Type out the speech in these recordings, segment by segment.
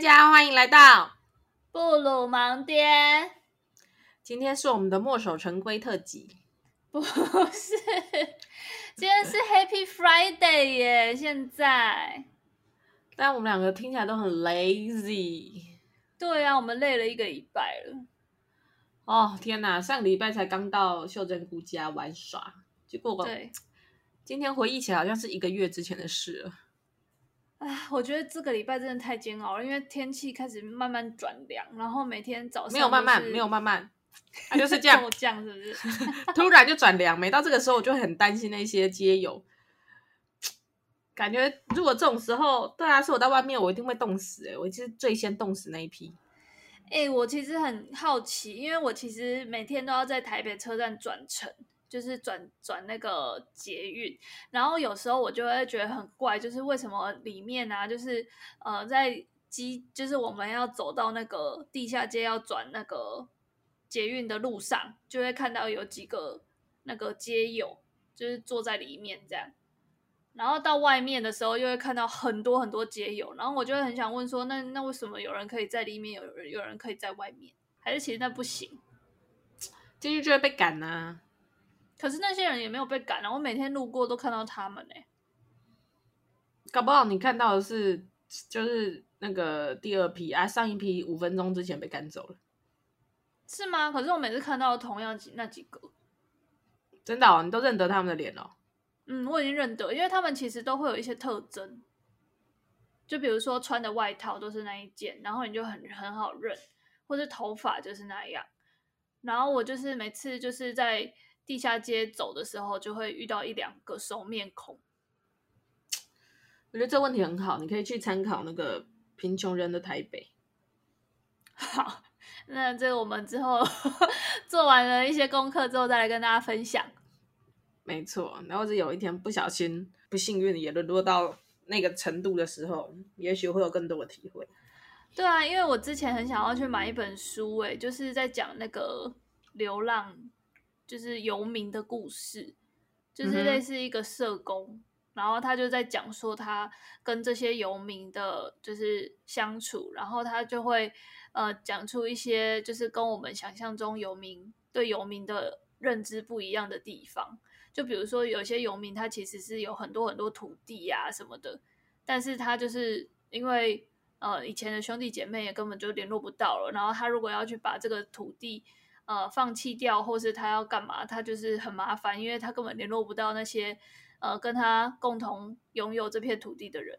大家歡迎來到布魯芒爹。今天是我們的墨守成規特輯，不是？今天是 Happy Friday 耶！現在，但我們兩個聽起來都很 lazy。對啊，我們累了一個禮拜了。哦天哪，上個禮拜才剛到秀珍姑家玩耍，結果我對，今天回憶起來好像是一個月之前的事了。啊，我覺得這個禮拜真的太煎熬了，因為天氣開始慢慢轉涼，然後每天早上沒有慢慢，沒有慢慢，啊、就是這樣，這樣是不是，突然就轉涼，每到這個時候我就很擔心那些街友，感覺如果這種時候，對啊，是我在外面，我一定會凍死哎，我其實最先凍死那一批，哎、欸，我其實很好奇，因為我其實每天都要在台北車站轉乘。就是轉轉那個捷運，然後有時候我就會覺得很怪，就是為什麼裡面啊，就是呃，在機，就是我們要走到那個地下街要轉那個捷運的路上，就會看到有幾個那個街友，就是坐在裡面這樣。然後到外面的時候，又會看到很多很多街友。然後我就會很想問說那，那那為什麼有人可以在裡面，有人有人可以在外面？還是其實那不行，進去就會被趕啊。可是那些人也沒有被趕啊，我每天路過都看到他們呢、欸。搞不好你看到的是就是那個第二批啊，上一批五分鐘之前被趕走了，是嗎？可是我每次看到同樣幾那幾個，真的、哦，你都認得他們的臉哦。嗯，我已經認得，因為他們其實都會有一些特徵，就比如說穿的外套都是那一件，然後你就很很好認，或是頭髮就是那樣。然後我就是每次就是在。地下街走的時候，就會遇到一兩個熟面孔。我覺得這問題很好，你可以去參考那個《貧窮人的台北》。好，那這我們之後做完了一些功課之後，再來跟大家分享。 沒錯，然後是有一天不小心、不幸運，也淪落到那個程度的時候，也許會有更多的體會。對啊，因為我之前很想要去買一本書，欸，就是在講那個流浪。就是遊民的故事，就是類似一個社工，嗯、哼然後他就在講說他跟這些遊民的，就是相處，然後他就會呃講出一些就是跟我們想象中遊民對遊民的認知不一樣的地方。就比如說，有些遊民他其實是有很多很多土地呀、啊、什麼的，但是他就是因為呃以前的兄弟姐妹也根本就聯絡不到了，然後他如果要去把這個土地。呃，放棄掉，或是他要幹嘛？他就是很麻煩，因為他根本聯絡不到那些呃跟他共同擁有這片土地的人，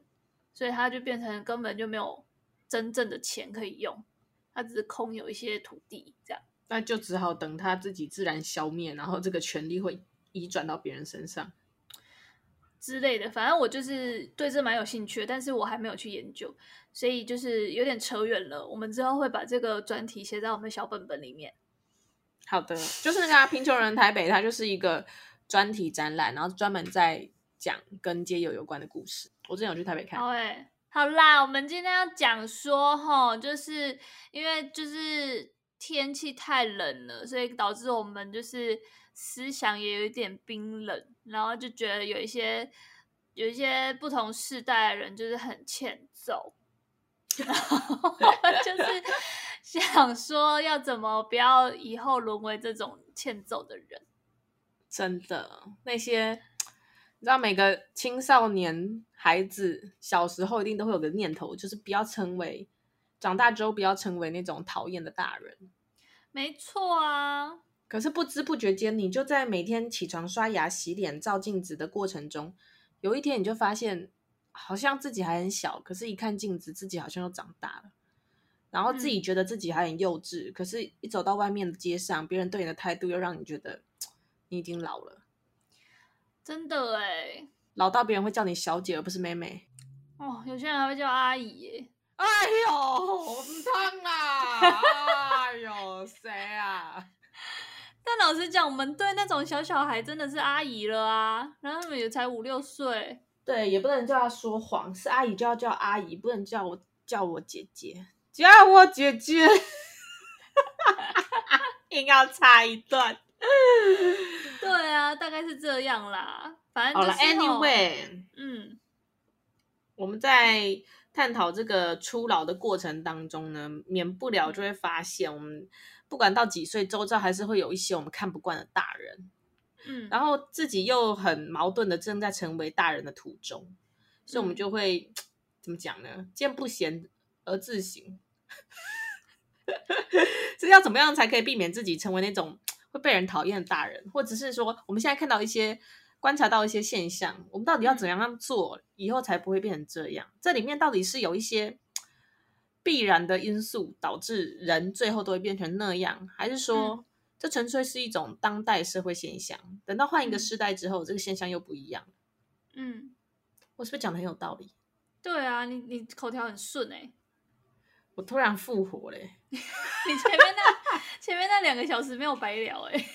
所以他就變成根本就沒有真正的錢可以用，他只是空有一些土地這樣。那就只好等他自己自然消滅，然後這個權利會移轉到別人身上之類的。反正我就是對這蠻有興趣，但是我還沒有去研究，所以就是有點扯遠了。我們之後會把這個專題寫在我們的小本本裡面。好的，就是那個啊、貧窮人台北，它就是一個專題展覽，然後專門在講跟街友有關的故事。我之前有去台北看。好哎，好啦，我們今天要講說，吼，就是因為就是天氣太冷了，所以導致我們就是思想也有一點冰冷，然後就覺得有一些有一些不同世代的人就是很欠揍，oh, 就是。 想說要怎麼不要以後淪為這種欠揍的人？真的，那些你知道，每個青少年孩子小時候一定都會有個念頭，就是不要成為長大之後不要成為那種討厭的大人。沒錯啊，可是不知不覺間，你就在每天起床刷牙、洗臉、照鏡子的過程中，有一天你就發現，好像自己還很小，可是一看鏡子，自己好像又長大了。然後自己覺得自己還很幼稚，嗯、可是一走到外面的街上，別人對你的態度又讓你覺得你已經老了。真的誒，老到別人會叫你小姐而不是妹妹哦。有些人還會叫阿姨。哎呦，好不燙啊！ 哎呦，誰啊？但老實講，我們對那種小小孩真的是阿姨了啊。然後他們也才五六歲，對，也不能叫他說謊，是阿姨就要叫阿姨，不能叫我叫我姐姐，叫我姐姐 應硬要插一段。 對啊，大概是這樣啦。反正就好 Anyway，嗯，我們在探討這個初老的過程當中呢，免不了就會發現，我們不管到幾歲，周遭還是會有一些我們看不慣的大人。嗯，然後自己又很矛盾的正在成為大人的途中，所以我們就會、嗯、怎麼講呢？見不賢。而自省，這 要怎麼樣才可以避免自己成為那種會被人討厭的大人？或者是說，我們現在看到一些觀察到一些現象，我們到底要怎樣做以後才不會變成這樣？這裡面到底是有一些必然的因素導致人最後都會變成那樣，還是說這純粹是一種當代社會現象？等到換一個世代之後，這個現象又不一樣？嗯，嗯我是不是講得很有道理？對啊，你你口條很順誒、欸。我突然復活嘞、欸！ 你前面那 前面那兩個小時沒有白聊哎、欸，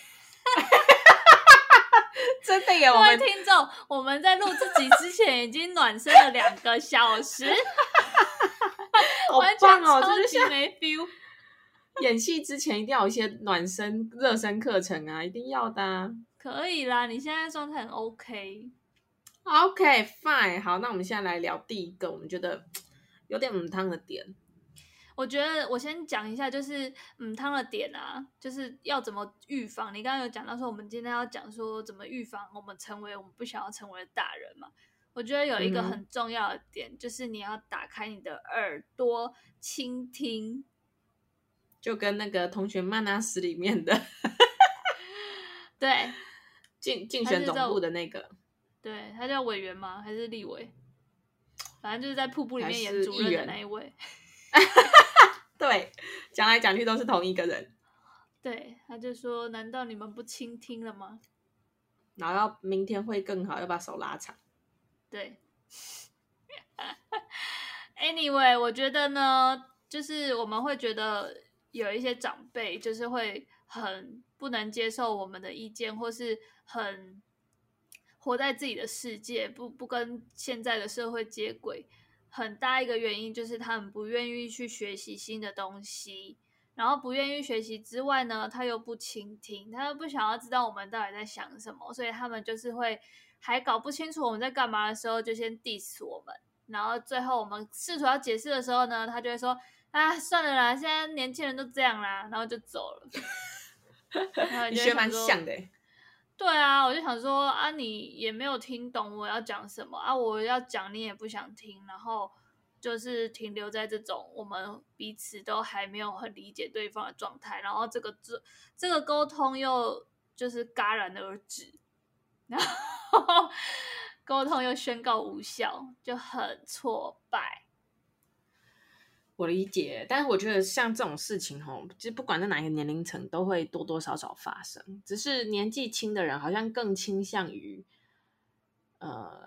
真的啊！各位聽眾，我們在錄自己之前已經暖身了兩個小時， 完全好棒哦！真的是沒 feel。演戲之前一定要有一些暖身熱 身課程啊，一定要的、啊、可以啦，你現在狀態很 OK，OK、OK okay, fine。好，那我們現在來聊第一個，我們覺得有點母湯的點。我覺得我先講一下，就是嗯，他的點啊，就是要怎麼預防。你剛剛有講到說，我們今天要講說怎麼預防我們成為我們不想要成為的大人嘛？我覺得有一個很重要的點，嗯、就是你要打開你的耳朵傾聽，就跟那個《同學麥娜絲》裡面的， 對，競競選總部的那個，對，他叫委員嗎？還是立委？反正就是在瀑布裡面演主任的那一位。 對，講來講去都是同一個人。 對，他就說：“難道你們不傾聽了嗎？”然後明天會更好，要把手拉長。對 ，Anyway，我覺得呢，就是我們會覺得有一些長輩，就是會很不能接受我們的意見，或是很活在自己的世界，不不跟現在的社會接軌。很大一個原因就是他們不願意去學習新的東西，然後不願意學習之外呢，他又不傾聽，他又不想要知道我們到底在想什麼，所以他們就是會還搞不清楚我們在幹嘛的時候，就先 diss 我們，然後最後我們試圖要解釋的時候呢，他就會說啊，算了啦，現在年輕人都這樣啦，然後就走了。你 學蠻像的。對啊，我就想說啊，你也沒有聽懂我要講什麼啊，我要講你也不想聽，然後就是停留在這種我們彼此都還沒有很理解對方的狀態，然後這個這這個溝通又就是戛然而止，然後溝通又宣告無效，就很挫敗。我理解，但是我覺得像這種事情，吼，其實不管在哪一個年齡層都會多多少少發生。只是年紀輕的人好像更傾向於，呃，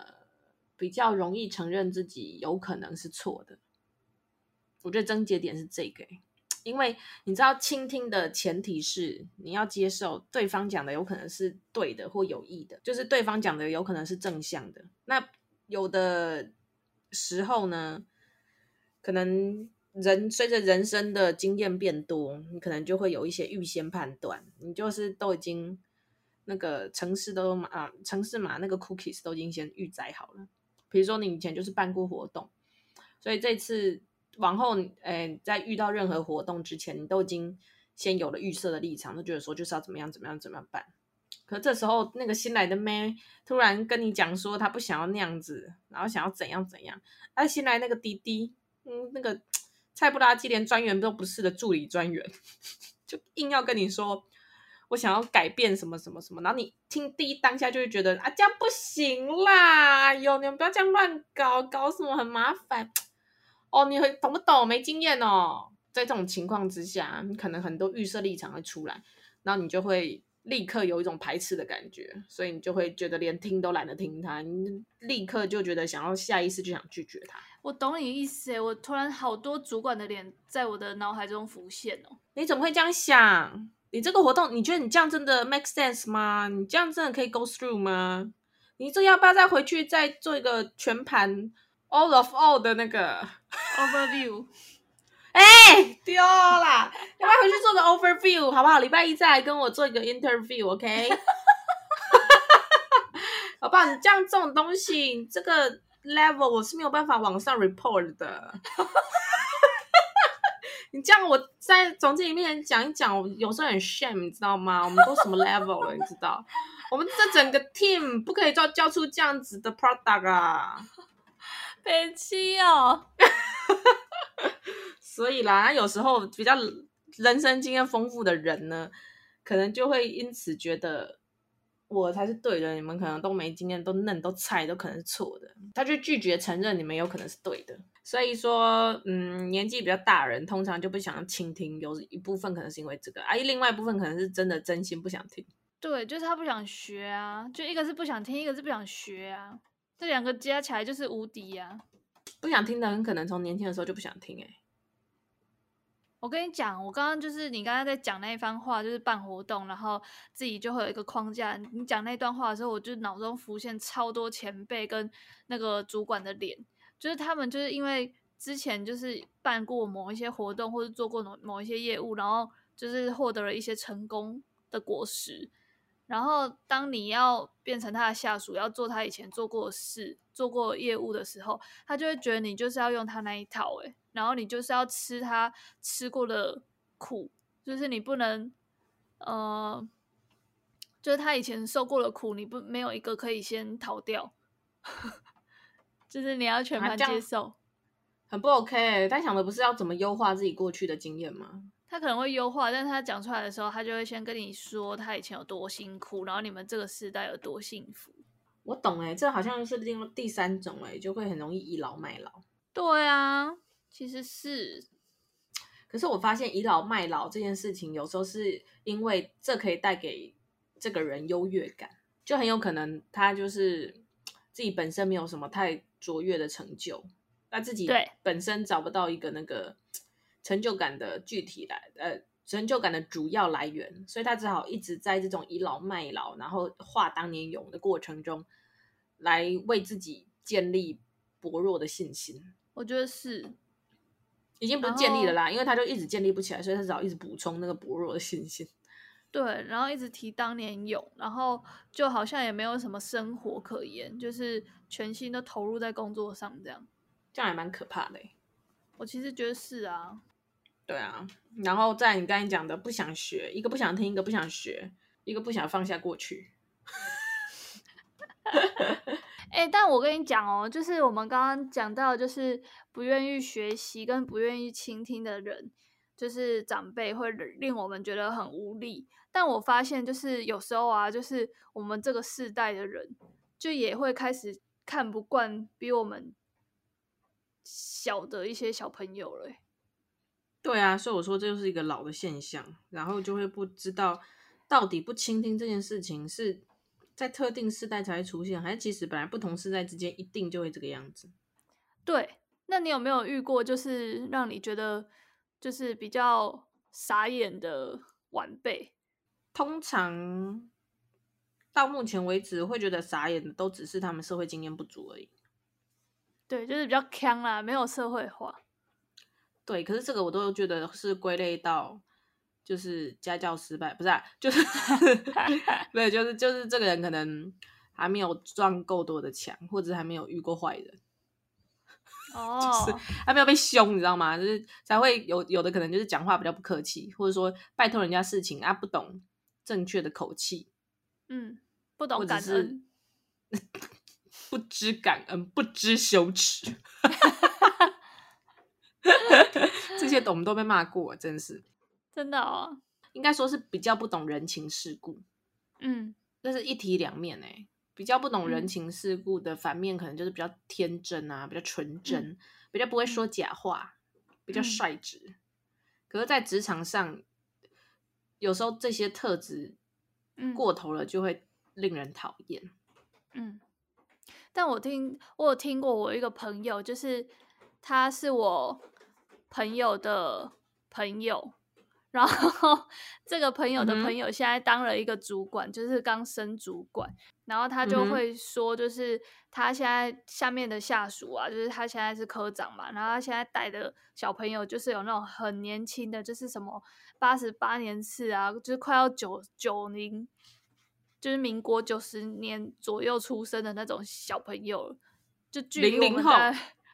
比較容易承認自己有可能是錯的。我覺得症結點是這個，因為你知道，傾聽的前提是你要接受對方講的有可能是對的或有益的，就是對方講的有可能是正向的。那有的時候呢，可能。人隨着人生的經驗變多，你可能就會有一些預先判斷，你就是都已經那個程式都啊程式嘛，那個 cookies 都已經先預載好了。比如說你以前就是辦過活動，所以這次往後，哎、欸，在遇到任何活動之前，你都已經先有了預設的立場，就覺得說就是要怎麼樣怎麼樣怎麼樣辦。可這時候那個新來的妹突然跟你講說，她不想要那樣子，然後想要怎樣怎樣。啊新來那個弟弟，嗯，那個。菜不拉幾連專員都不是的助理專員，就硬要跟你說，我想要改變什麼什麼什麼，然後你聽第一當下就會覺得，啊這樣不行啦，有、哎、你們不要這樣亂搞，搞什麼很麻煩哦，你會懂不懂？沒經驗哦，在這種情況之下，你可能很多預設立場會出來，然後你就會立刻有一種排斥的感覺，所以你就會覺得連聽都懶得聽他，你立刻就覺得想要下意識就想拒絕他。我懂你意思哎，我突然好多主管的臉在我的腦海中浮現哦。你怎麼會這樣想？你這個活動，你覺得你這樣真的 make sense 嗎？你這樣真的可以 go through 嗎？你這要不要再回去再做一個全盤 all of all 的那個 overview？誒，丟啦，要不要回去做個 overview 好不好？禮拜一再來跟我做一個 interview，OK？好不好？你這樣，這種東西，這個 level 我是沒有辦法往上 report 的。 你這樣，我在總經理面前講一講，我有時候很 shame，你知道嗎？我們都什麼 level 了，你知道？我們這整個 team 不可以再交出這樣子的 product 啊，別氣哦。所以啦，那有時候比較人生經驗豐富的人呢，可能就會因此覺得。我才是對的，你們可能都沒經驗，都嫩，都菜，都可能是錯的。他就拒絕承認你們有可能是對的。所以說，嗯，年紀比較大人，通常就不想傾聽，有一部分可能是因為這個，而、啊、另外一部分可能是真的真心不想聽。對，就是他不想學啊，就一個是不想聽，一個是不想學啊，這兩個加起來就是無敵呀、啊。不想聽的，很可能從年輕的時候就不想聽、欸，誒。我跟你講，我剛剛就是你剛剛在講那一番話，就是辦活動，然後自己就會有一個框架。你講那段話的時候，我就腦中浮現超多前輩跟那個主管的臉，就是他們就是因為之前就是辦過某一些活動，或者做過某某一些業務，然後就是獲得了一些成功的果實。然後，當你要變成他的下屬，要做他以前做過的事、做過的業務的時候，他就會覺得你就是要用他那一套誒，然後你就是要吃他吃過的苦，就是你不能，呃，就是他以前受過的苦，你不沒有一個可以先逃掉， 就是你要全盤接受，啊、很不 OK。但想的不是要怎麼優化自己過去的經驗嗎？他可能會優化，但是他講出來的時候，他就會先跟你說他以前有多辛苦，然後你們這個世代有多幸福。我懂哎、欸，這好像是另第三種哎、欸，就會很容易倚老賣老。對啊，其實是。可是我發現倚老賣老這件事情，有時候是因為這可以帶給這個人優越感，就很有可能他就是自己本身沒有什麼太卓越的成就，他自己本身找不到一個那個。成就感的具體來，呃，成就感的主要來源，所以他只好一直在這種倚老賣老，然後話當年勇的過程中，來為自己建立薄弱的信心。我覺得是，已經不是建立了啦，後因為他就一直建立不起來，所以他只好一直補充那個薄弱的信心。對，然後一直提當年勇，然後就好像也沒有什麼生活可言，就是全心都投入在工作上，這樣，這樣還蠻可怕的、欸。我其實覺得是啊。對啊，然後在你剛才講的，不想學，一個不想聽，一個不想學，一個不想放下過去。哎、 欸，但我跟你講哦，就是我們剛剛講到，就是不願意學習跟不願意傾聽的人，就是長輩會令我們覺得很無力。但我發現，就是有時候啊，就是我們這個世代的人，就也會開始看不慣比我們小的一些小朋友了、欸。對啊，所以我說這就是一個老的現象，然後就會不知道到底不傾聽這件事情是在特定時代才會出現，還是其實本來不同時代之間一定就會這個樣子。對，那你有沒有遇過就是讓你覺得就是比較傻眼的晚輩？通常到目前為止會覺得傻眼的，都只是他們社會經驗不足而已。對，就是比較僵啦，沒有社會化。對，可是這個我都覺得是歸類到就是家教失敗，不是，啊，就是 對，就是就是這個人可能還沒有賺夠多的錢，或者還沒有遇過壞人，哦，oh. 就是還沒有被凶，你知道嗎？就是才會有有的可能就是講話比較不客氣，或者說拜托人家事情啊，不懂正確的口氣，嗯，不懂感恩，或者是不知感恩，不知羞恥。 這些都我們都被罵過，真是真的哦！應該說是比較不懂人情世故，嗯，這是一體兩面誒、欸。比較不懂人情世故的反面，可能就是比較天真啊，嗯、比較純真，嗯、比較不會說假話，嗯、比較率直。可是，在職場上，有時候這些特質過頭了，就會令人討厭、嗯。嗯，但我聽我有聽過，我一個朋友，就是他是我。朋友的朋友，然後這個朋友的朋友現在當了一個主管，嗯、哼就是剛升主管，然後他就會說，就是他現在下面的下屬啊，就是他現在是科長嘛，然後他現在帶的小朋友就是有那種很年輕的，就是什麼八十八年次啊，就是快要九九零，90, 就是民國九十年左右出生的那種小朋友，就零零後。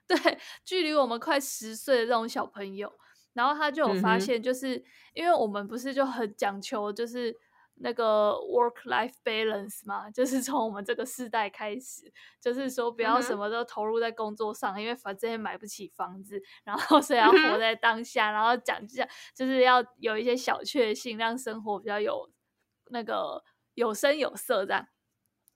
對，距離我們快十歲的這種小朋友，然後他就有發現，就是、嗯、哼因為我們不是就很講求，就是那個 work life balance 嘛，就是從我們這個世代開始，就是說不要什麼都投入在工作上，嗯、哼因為反正也買不起房子，然後所以要活在當下，嗯、哼然後講講就是要有一些小確幸，讓生活比較有那個有聲有色這樣。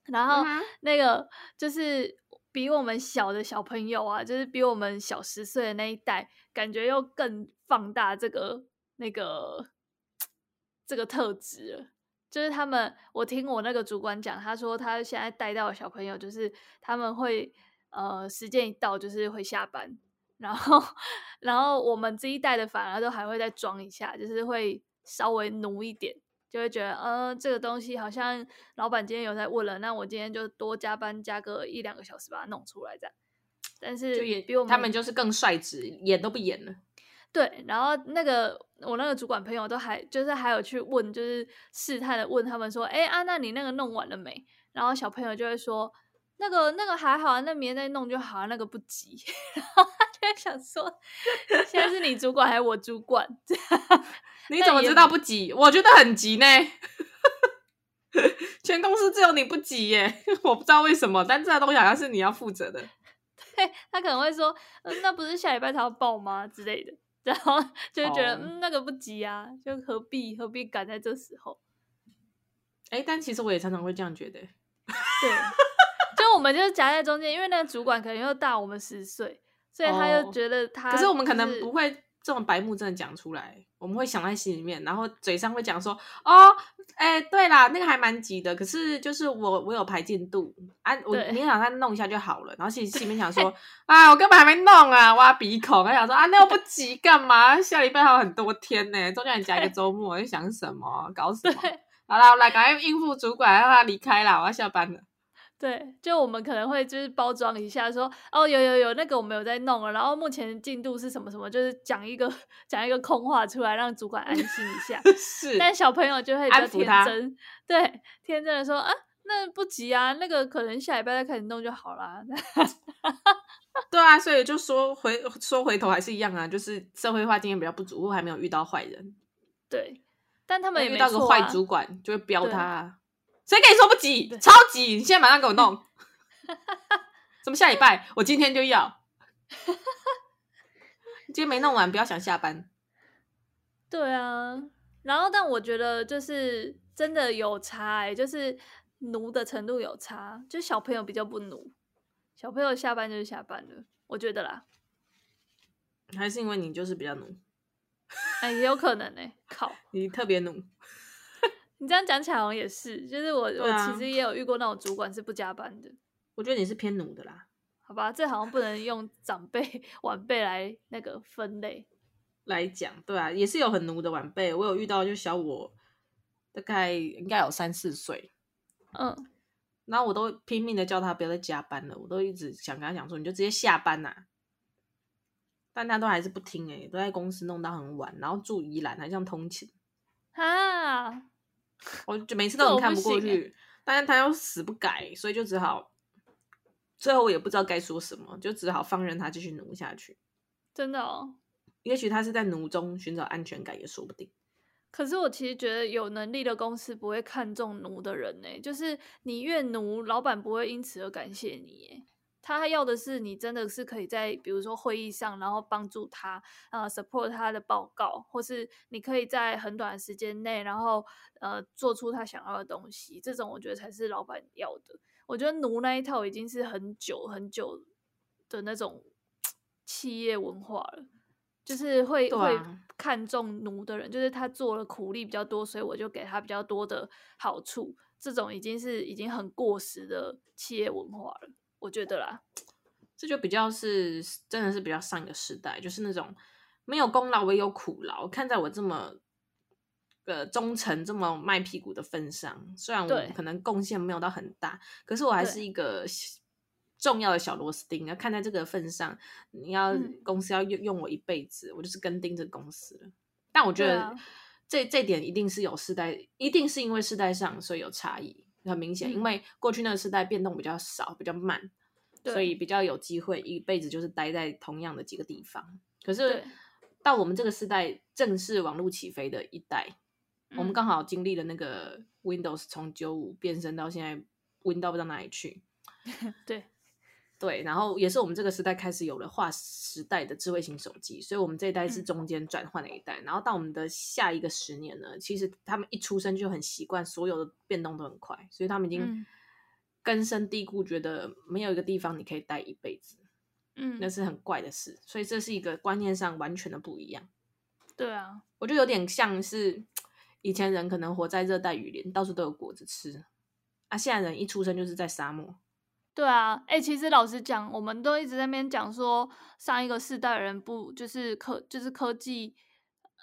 然後那個就是。比我們小的小朋友啊，就是比我們小十歲的那一代，感覺又更放大這個那個這個特質。就是他們，我聽我那個主管講，他說他現在帶到的小朋友，就是他們會呃時間一到就是會下班，然後然後我們這一代的反而都還會再裝一下，就是會稍微努一點。就會覺得，嗯、呃，這個東西好像老闆今天有在問了，那我今天就多加班加個一兩個小時把它弄出來這樣。但是，他們就是更率直，演都不演了。對，然後那個我那個主管朋友都還就是還有去問，就是試探的問他們說，哎，安娜你那個弄完了沒？然後小朋友就會說。那個那個還好啊，那明天再弄就好啊，那個不急。 然後他就在想說，現在是你主管還是我主管？ 你怎麼知道不急？我覺得很急呢。 全公司只有你不急耶！ 我不知道為什麼，但這個東西好像是你要負責的。對，他可能會說，嗯，那不是下禮拜才要報嗎之類的？然後就會覺得，oh. 嗯，那個不急啊，就何必何必趕在這時候？誒，但其實我也常常會這樣覺得。對。我們就是夾在中間，因為那個主管可能又大我們十歲，所以他又覺得他、就是哦。可是我們可能不會這麼白目，真的講出來，我們會想在心裡面，然後嘴上會講說：“哦，哎、欸，對啦，那個還蠻急的。”可是就是我，我有排進度啊，我明天早上弄一下就好了。然後心心裡面想說：“ 啊，我根本還沒弄啊，挖鼻孔。”他想說：“啊，那又不急，幹嘛？ 下禮拜還有很多天呢、欸，中間還夾一個周末，你 想什麼？搞死。對好啦，我來趕快應付主管，讓他離開啦，我要下班了。”對，就我們可能會就是包裝一下說，說哦，有有有，那個我們有在弄了，然後目前的進度是什麼什麼，就是講一個講一個空話出來，讓主管安心一下。 是，但小朋友就會比較天真，對，天真的說，啊，那不急啊，那個可能下禮拜再開始弄就好了。 對啊，所以就說回說回頭還是一樣啊，就是社會化經驗比較不足，或還沒有遇到壞人。對，但他們也沒、啊、遇到個壞主管就會飆他。誰跟你說不急？超急！你現在馬上給我弄！ 怎麼下禮拜？我今天就要！ 今天沒弄完，不要想下班。對啊，然後但我覺得就是真的有差、欸，就是奴的程度有差，就小朋友比較不奴，小朋友下班就是下班了。我覺得啦。還是因為你就是比較奴。哎、 欸，也有可能呢、欸。靠！你特別奴。你這樣講起來好像也是，就是我、啊、我其實也有遇過那種主管是不加班的。我覺得你是偏奴的啦，好吧？這好像不能用長輩 晚輩來那個分類來講，對啊，也是有很奴的晚輩。我有遇到就小我大概應該有三四歲，嗯，然後我都拼命的叫他不要再加班了，我都一直想跟他講說你就直接下班吶、啊，但他都還是不聽、欸，誒，都在公司弄到很晚，然後住宜蘭還像通勤啊。我就每次都很看不過去，欸，但是他又死不改，所以就只好最後我也不知道該說什麼，就只好放任他繼續奴下去。真的哦，也許他是在奴中尋找安全感也說不定。可是我其實覺得有能力的公司不會看重奴的人呢，欸，就是你越奴，老闆不會因此而感謝你耶，欸。他要的是你真的是可以在比如說會議上，然後幫助他啊，呃，support 他的報告，或是你可以在很短時間內，然後呃，做出他想要的東西。這種我覺得才是老板要的。我覺得奴那一套已經是很久很久的那種企業文化了，就是會，啊，會看重奴的人，就是他做了苦力比較多，所以我就給他比較多的好處。這種已經是已經很過時的企業文化了。我覺得啦，這就比較是真的是比較上一個時代，就是那種沒有功勞唯有苦勞。看在我這麼、呃、忠誠、這麼賣屁股的份上，雖然我可能貢獻沒有到很大，對可是我還是一個對重要的小螺絲釘。要看在這個份上，你要、嗯、公司要用用我一輩子，我就是跟定這公司了。但我覺得這、啊、這點一定是有世代，一定是因為世代上所以有差異。很明顯，因為過去那個時代變動比較少，比較慢，對所以比較有機會一輩子就是待在同樣的幾個地方。可是對到我們這個時代，正是網路起飛的一代，嗯、我們剛好經歷了那個 Windows 從九五變身到現在，Win 到不知道哪裡去。對。對，然後也是我們這個時代開始有了劃時代的智慧型手機，所以我們這一代是中間轉換的一代。嗯、然後到我們的下一個十年呢，其實他們一出生就很習慣，所有的變動都很快，所以他們已經根深蒂固，覺得沒有一個地方你可以待一輩子，嗯，那是很怪的事。所以這是一個觀念上完全的不一樣。對啊，我就有點像是以前人可能活在熱帶雨林，到處都有果子吃啊，現在人一出生就是在沙漠。對啊，誒、欸、其實老實講，我們都一直在那邊講說，上一個世代人不就是科就是科技，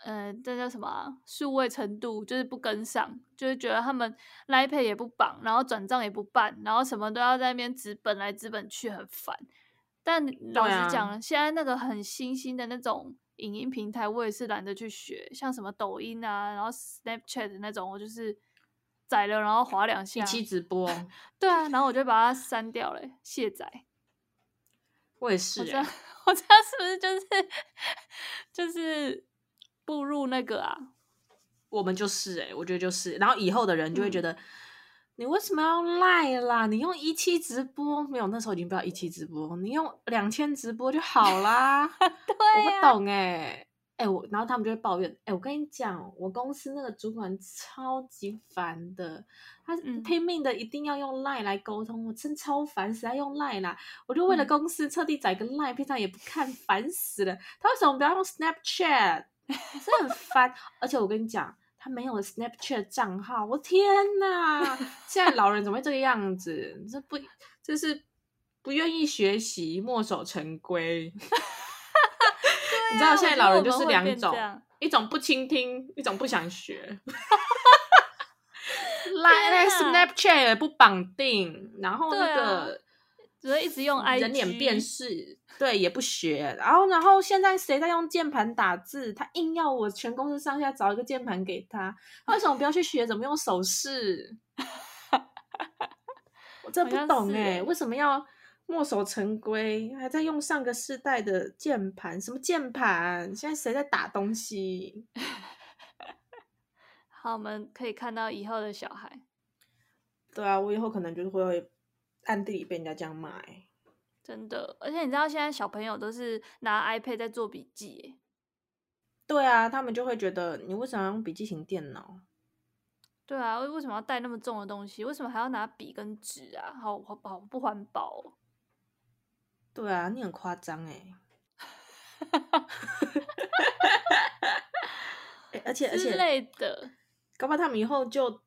呃，這叫什麼、啊、數位程度就是不跟上，就是覺得他們 Line Pay 也不綁，然後轉賬也不辦，然後什麼都要在那邊紙本來紙本去，很煩。但老實講，啊、現在那個很新興的那種影音平台，我也是懶得去學，像什麼抖音啊，然後 Snapchat 那種，我就是。載了，然後劃兩下。一七直播， 對啊，然後我就把它刪掉了，卸載。我也是我，我覺得是不是就是就是步入那個啊？我們就是誒我覺得就是，然後以後的人就會覺得、嗯、你為什麼要賴啦？你用一七直播沒有？那時候已經不要一七直播，你用兩千直播就好啦。 對、啊，我不懂誒哎、欸，我然後他們就會抱怨。哎、欸，我跟你講，我公司那個主管超級煩的，他拼命的一定要用 Line 來溝通，嗯、我真超煩，誰還用 Line 啦！我就為了公司徹底載個 Line，平常也不看，煩死了。他為什麼不要用 Snapchat？真 很煩。而且我跟你講，他沒有 Snapchat 賬號，我天哪！ 現在老人怎麼會這個樣子？這不就是不願意學習，墨守成規。 你知道現在老人就是兩種，一種不傾聽，一種不想學。Like Snapchat 也不綁定，然後那個只會一直用 i 人臉辨識，對，也不學。然後，然後現在誰在用鍵盤打字？他硬要我全公司上下找一個鍵盤給他。為什麼不要去學怎麼用手勢？我這不懂，哎、欸，為什麼要？墨守成規，還在用上個世代的鍵盤？什麼鍵盤？現在誰在打東西？ 好，我們可以看到以後的小孩。對啊，我以後可能就會暗地裡被人家這樣罵。真的，而且你知道現在小朋友都是拿 iPad 在做筆記。對啊，他們就會覺得你為什麼要用筆記型電腦？對啊，為什麼要帶那麼重的東西？為什麼還要拿筆跟紙啊？好，好不環保哦。對啊，你很誇張哎！而且而且之類的，搞不好他們以後就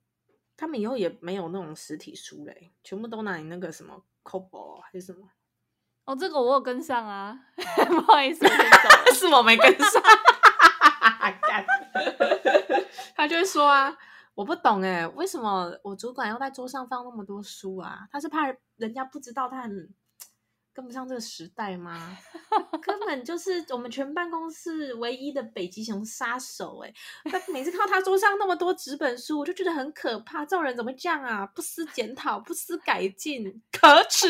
他們以後也沒有那種實體書嘞，欸，全部都拿你那個什麼 Kobo 還是什麼？哦，這個我有跟上啊， 不好意思，我 是我沒跟上。 幹 他就會說啊，我不懂哎，欸，為什麼我主管要在桌上放那麼多書啊？他是怕人家不知道他很。跟不上這個時代嗎？根本就是我們全辦公室唯一的北極熊殺手哎、欸！那每次看到他桌上那麼多紙本書，我就覺得很可怕。這種人怎麼這樣啊？不思檢討，不思改進，可恥！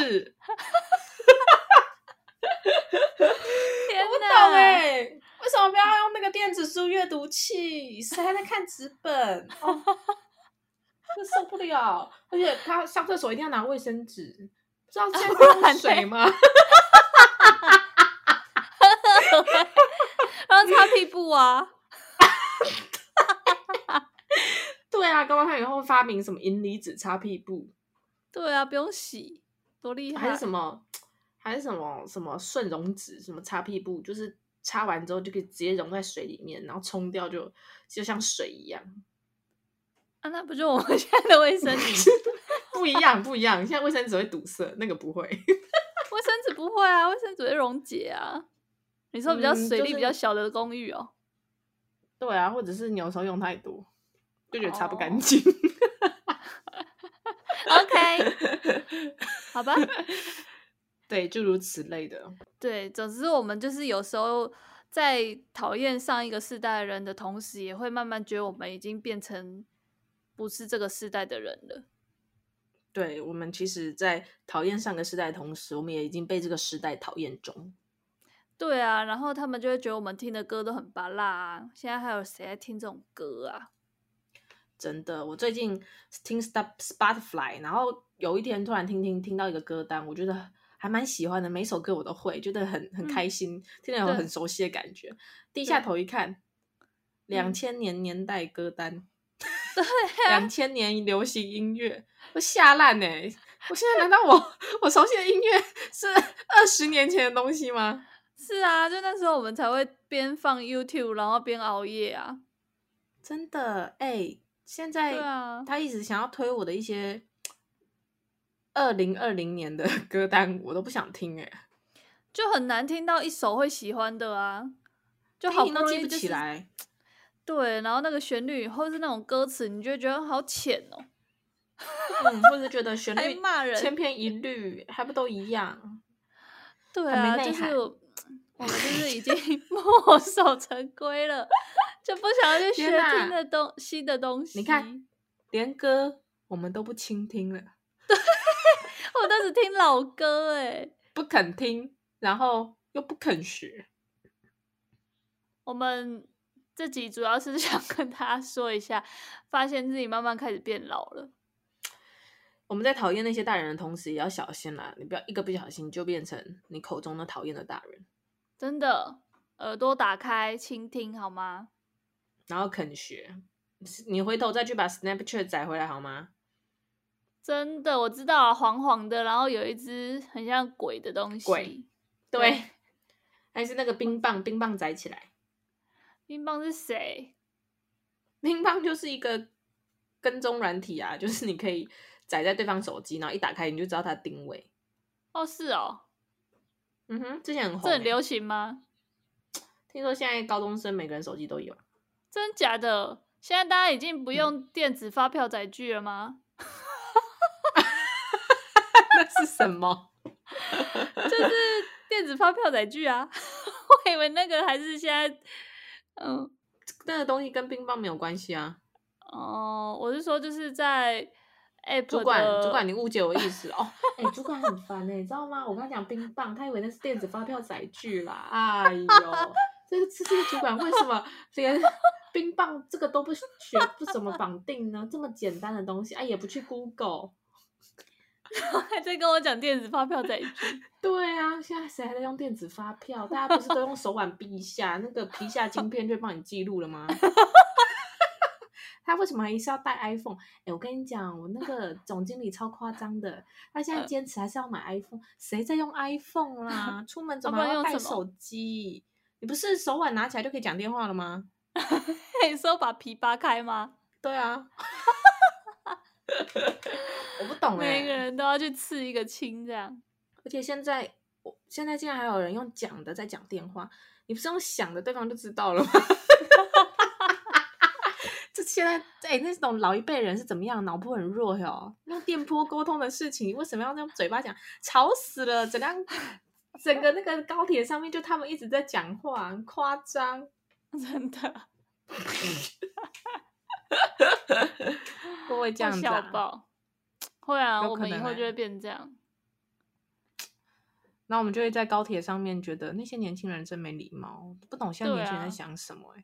天，我不懂哎，為什麼不要用那個電子書閱讀器？誰還在看紙本？這 受不了！而且他上廁所一定要拿衛生紙。知道淨化水嗎？然後，擦屁股啊！對啊，剛剛看他以後發明什麼銀離子擦屁布？對啊，不用洗，多厲害！啊、還是什麼？還是什麼什麼順溶紙？什麼擦屁布？就是擦完之後就可以直接溶在水裡面，然後沖掉就就像水一樣。啊，那不就我們現在的衛生紙？ 不一樣，不一樣。現在衛生紙會堵塞，那個不會。衛 生紙不會啊，衛生紙會溶解啊。你說比較水力比較小的公寓哦。嗯，就是，對啊，或者是你有時候用太多，就覺得擦不乾淨。Oh. OK，好吧。對，就如此類的。對，總之我們就是有時候在討厭上一個世代的人的同時，也會慢慢覺得我們已經變成不是這個世代的人了。對我們，其實，在討厭上個世代的同時，我們也已經被這個世代討厭中。對啊，然後他們就會覺得我們聽的歌都很芭樂、啊。現在還有誰在聽這種歌啊？真的，我最近聽 St Sp Spotify，然後有一天突然聽聽聽到一個歌單，我覺得還蠻喜歡的，每首歌我都會，覺得很很開心，嗯、聽了以後很熟悉的感覺。低對下頭一看，兩千對年年代歌單。嗯兩千、啊、年流行音樂都下爛呢、欸！我現在難道我 我熟悉的音樂是二十年前的東西嗎？是啊，就那時候我們才會邊放 YouTube，然後邊熬夜啊。真的哎、欸，現在、啊、他一直想要推我的一些二零二零年的歌單，我都不想聽哎、欸，就很難聽到一首會喜歡的啊，就好不容易、就是對，然後那個旋律或者是那種歌詞，你就覺得好淺哦。 嗯，或是覺得旋律千篇一律， 還不都一樣？對啊，就是我們就是已經墨守成規了， 就不想要去學新的東哪新的東西。你看，連歌我們都不傾聽了， 對，我都只聽老歌，哎，不肯聽，然後又不肯學， 我們。這集主要是想跟大家說一下，發現自己慢慢開始變老了。我們在討厭那些大人的同時，也要小心啦，你不要一個不小心就變成你口中的討厭的大人。真的，耳朵打開，傾聽，好嗎？然後肯學，你回頭再去把 Snapchat 載回來好嗎？真的，我知道啊，黃黃的，然後有一只很像鬼的東西。鬼，對，對 還是那個冰棒，冰棒載起來。乒乓是誰？乒乓就是一個跟蹤軟體啊，就是你可以載在對方手機，然後一打開你就知道他定位。哦，是哦。嗯哼，之前很紅這，很流行嗎？聽說現在高中生每個人手機都有。真假的？現在大家已經不用電子發票載具了嗎？哈哈哈哈哈哈！那是什麼？就是電子發票載具啊！ 我以為那個還是現在。嗯，這個東西跟冰棒沒有關係啊。哦，我是說就是在主管，主管你誤解我意思哦。哎、 欸，主管很煩哎、欸，你知道嗎？我剛剛講冰棒，他以為那是電子發票載具啦。哎呦， 這，這個吃雞的主管為什麼連冰棒這個都不學不怎麼綁定呢？這麼簡單的東西，哎、啊，也不去 Google。還在跟我講電子發票在一起 對啊，現在誰還在用電子發票？大家不是都用手腕比一下， 那個皮下晶片就會幫你記錄了嗎？ 他為什麼還是要帶 iPhone？、欸、我跟你講，我那個總經理超誇張的，他現在堅持還是要買 iPhone。誰在用 iPhone 啦、啊？ 出門怎麼還要帶手機？ 不你不是手腕拿起來就可以講電話了嗎？還以、 欸、把皮扒開嗎？對啊。 我不懂、欸、每個人都要去刺一個青這樣，而且現在，我現在竟然還有人用講的在講電話，你不是用想的，對方就知道了嗎？ 這現在哎、欸，那種老一輩人是怎麼樣，腦波很弱喲、哦，用電波溝通的事情，你為什麼要用嘴巴講？吵死了！怎樣？整個那個高鐵上面就他們一直在講話，很誇張，真的，會不會這樣的、啊、笑會啊，可能欸、我們以後就會變這樣。然後我們就會在高鐵上面覺得那些年輕人真沒禮貌，不懂現在年輕人在想什麼、欸。啊、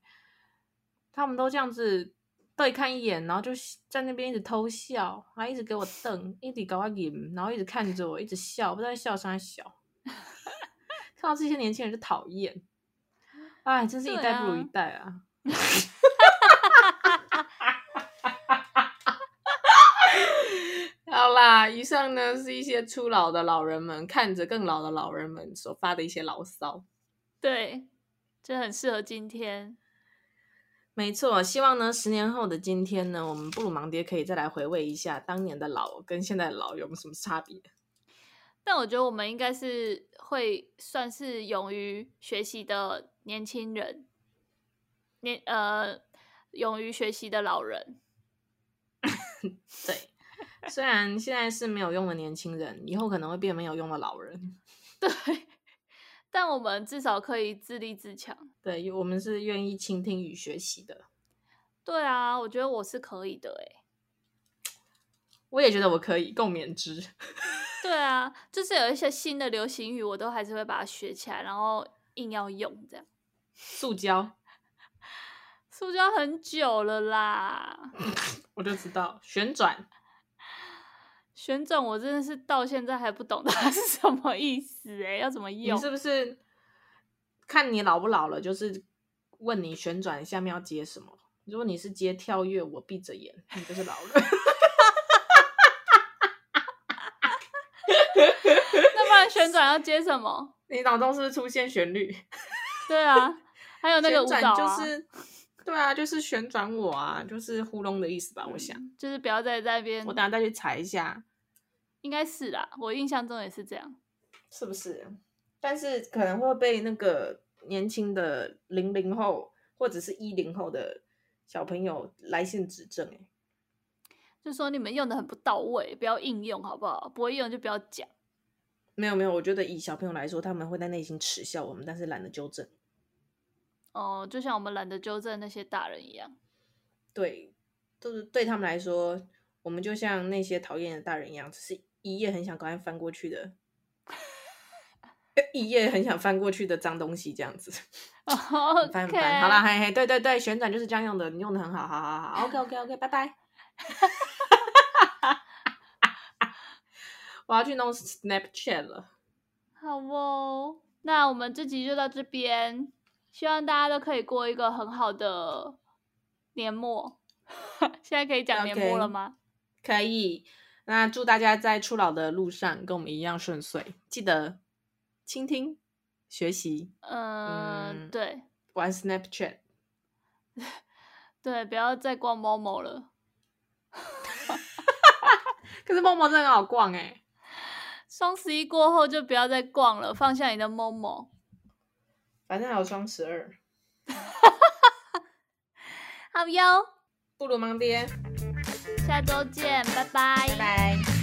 他們都這樣子對看一眼，然後就在那邊一直偷笑，還一直給我瞪， 一直搞外景，然後一直看着我，一直笑，不知道笑啥笑。看到這些年輕人就討厭，哎，真是一代不如一代啊。對啊 好啦，以上呢，是一些初老的老人們看着更老的老人們所發的一些牢騷。對，真的很適合今天。沒錯，希望呢，十年後的今天呢，我們布魯芒爹可以再來回味一下當年的老跟現在老有沒有什麼差別。但我覺得我們應該是會算是勇於學習的年輕人，年呃，勇於學習的老人。 對。雖然現在是沒有用的年輕人，以後可能會變沒有用的老人，對，但我們至少可以自立自強。對，我們是願意傾聽與學習的。對啊，我覺得我是可以的，欸，我也覺得我可以，共勉之。對啊，就是有一些新的流行語，我都還是會把它學起來，然後硬要用這樣。塑膠，塑膠很久了啦。我就知道，旋轉。旋轉，我真的是到現在還不懂它是什麼意思誒、欸、要怎麼用？你是不是看你老不老了？就是問你旋轉下面要接什麼？如果你是接跳躍，我閉着眼，你就是老了。那不然旋轉要接什麼？你腦中是不是出現旋律？對啊，還有那個舞蹈就是對啊，就是旋轉我啊，就是呼隆的意思吧？我想，就是不要在那邊。我等下再去查一下。應該是啦，我印象中也是這樣，是不是？但是可能會被那個年輕的零零後或者是一零後的小朋友來信指正，欸，就說你們用的很不到位，不要應用，好不好？不會用就不要講。沒有沒有，我覺得以小朋友來說，他們會在內心恥笑我們，但是懶得糾正。哦，就像我們懶得糾正那些大人一樣。對，就是對他們來說，我們就像那些討厭的大人一樣，只是。一頁很想趕快翻過去的， 一頁很想翻過去的髒東西，這樣子。Okay. 翻翻好了，嘿嘿，對對對，旋轉就是這樣用的，你用的很好，好好好 ，OK OK OK，拜拜。哈哈哈哈哈哈！我要去弄 Snapchat 了。好哦，那我們這集就到這邊，希望大家都可以過一個很好的年末。 現在可以講年末了嗎？Okay. 可以。那祝大家在初老的路上跟我們一樣順遂，記得傾聽、學習。呃、嗯，對，玩 Snapchat，對,不要再逛 Momo 了。 可是 Momo 真的很好逛哎、欸！雙十一過後就不要再逛了，放下你的 Momo。反正還有雙十二。 好喲幼，不如忙爹。下週見，拜拜。拜拜。